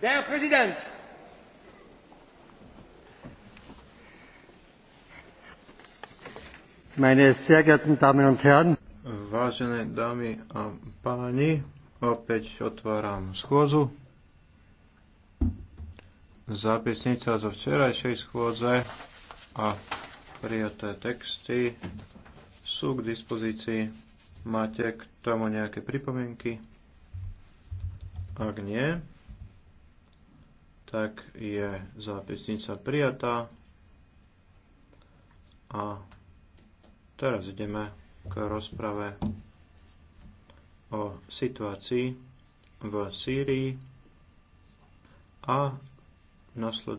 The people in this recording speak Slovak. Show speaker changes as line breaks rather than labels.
Der Präsident!
Meine sehr geehrten Damen und Herren!
Vážené dámy a páni, opäť otváram schôzu. Zápisnica zo včerajšej schôdze a prijaté texty sú k dispozícii. Máte k tomu nejaké pripomienky? Ak nie, tak je zápisnica prijatá. A teraz ideme k rozprave o situácii v Sýrii a nasledujúcej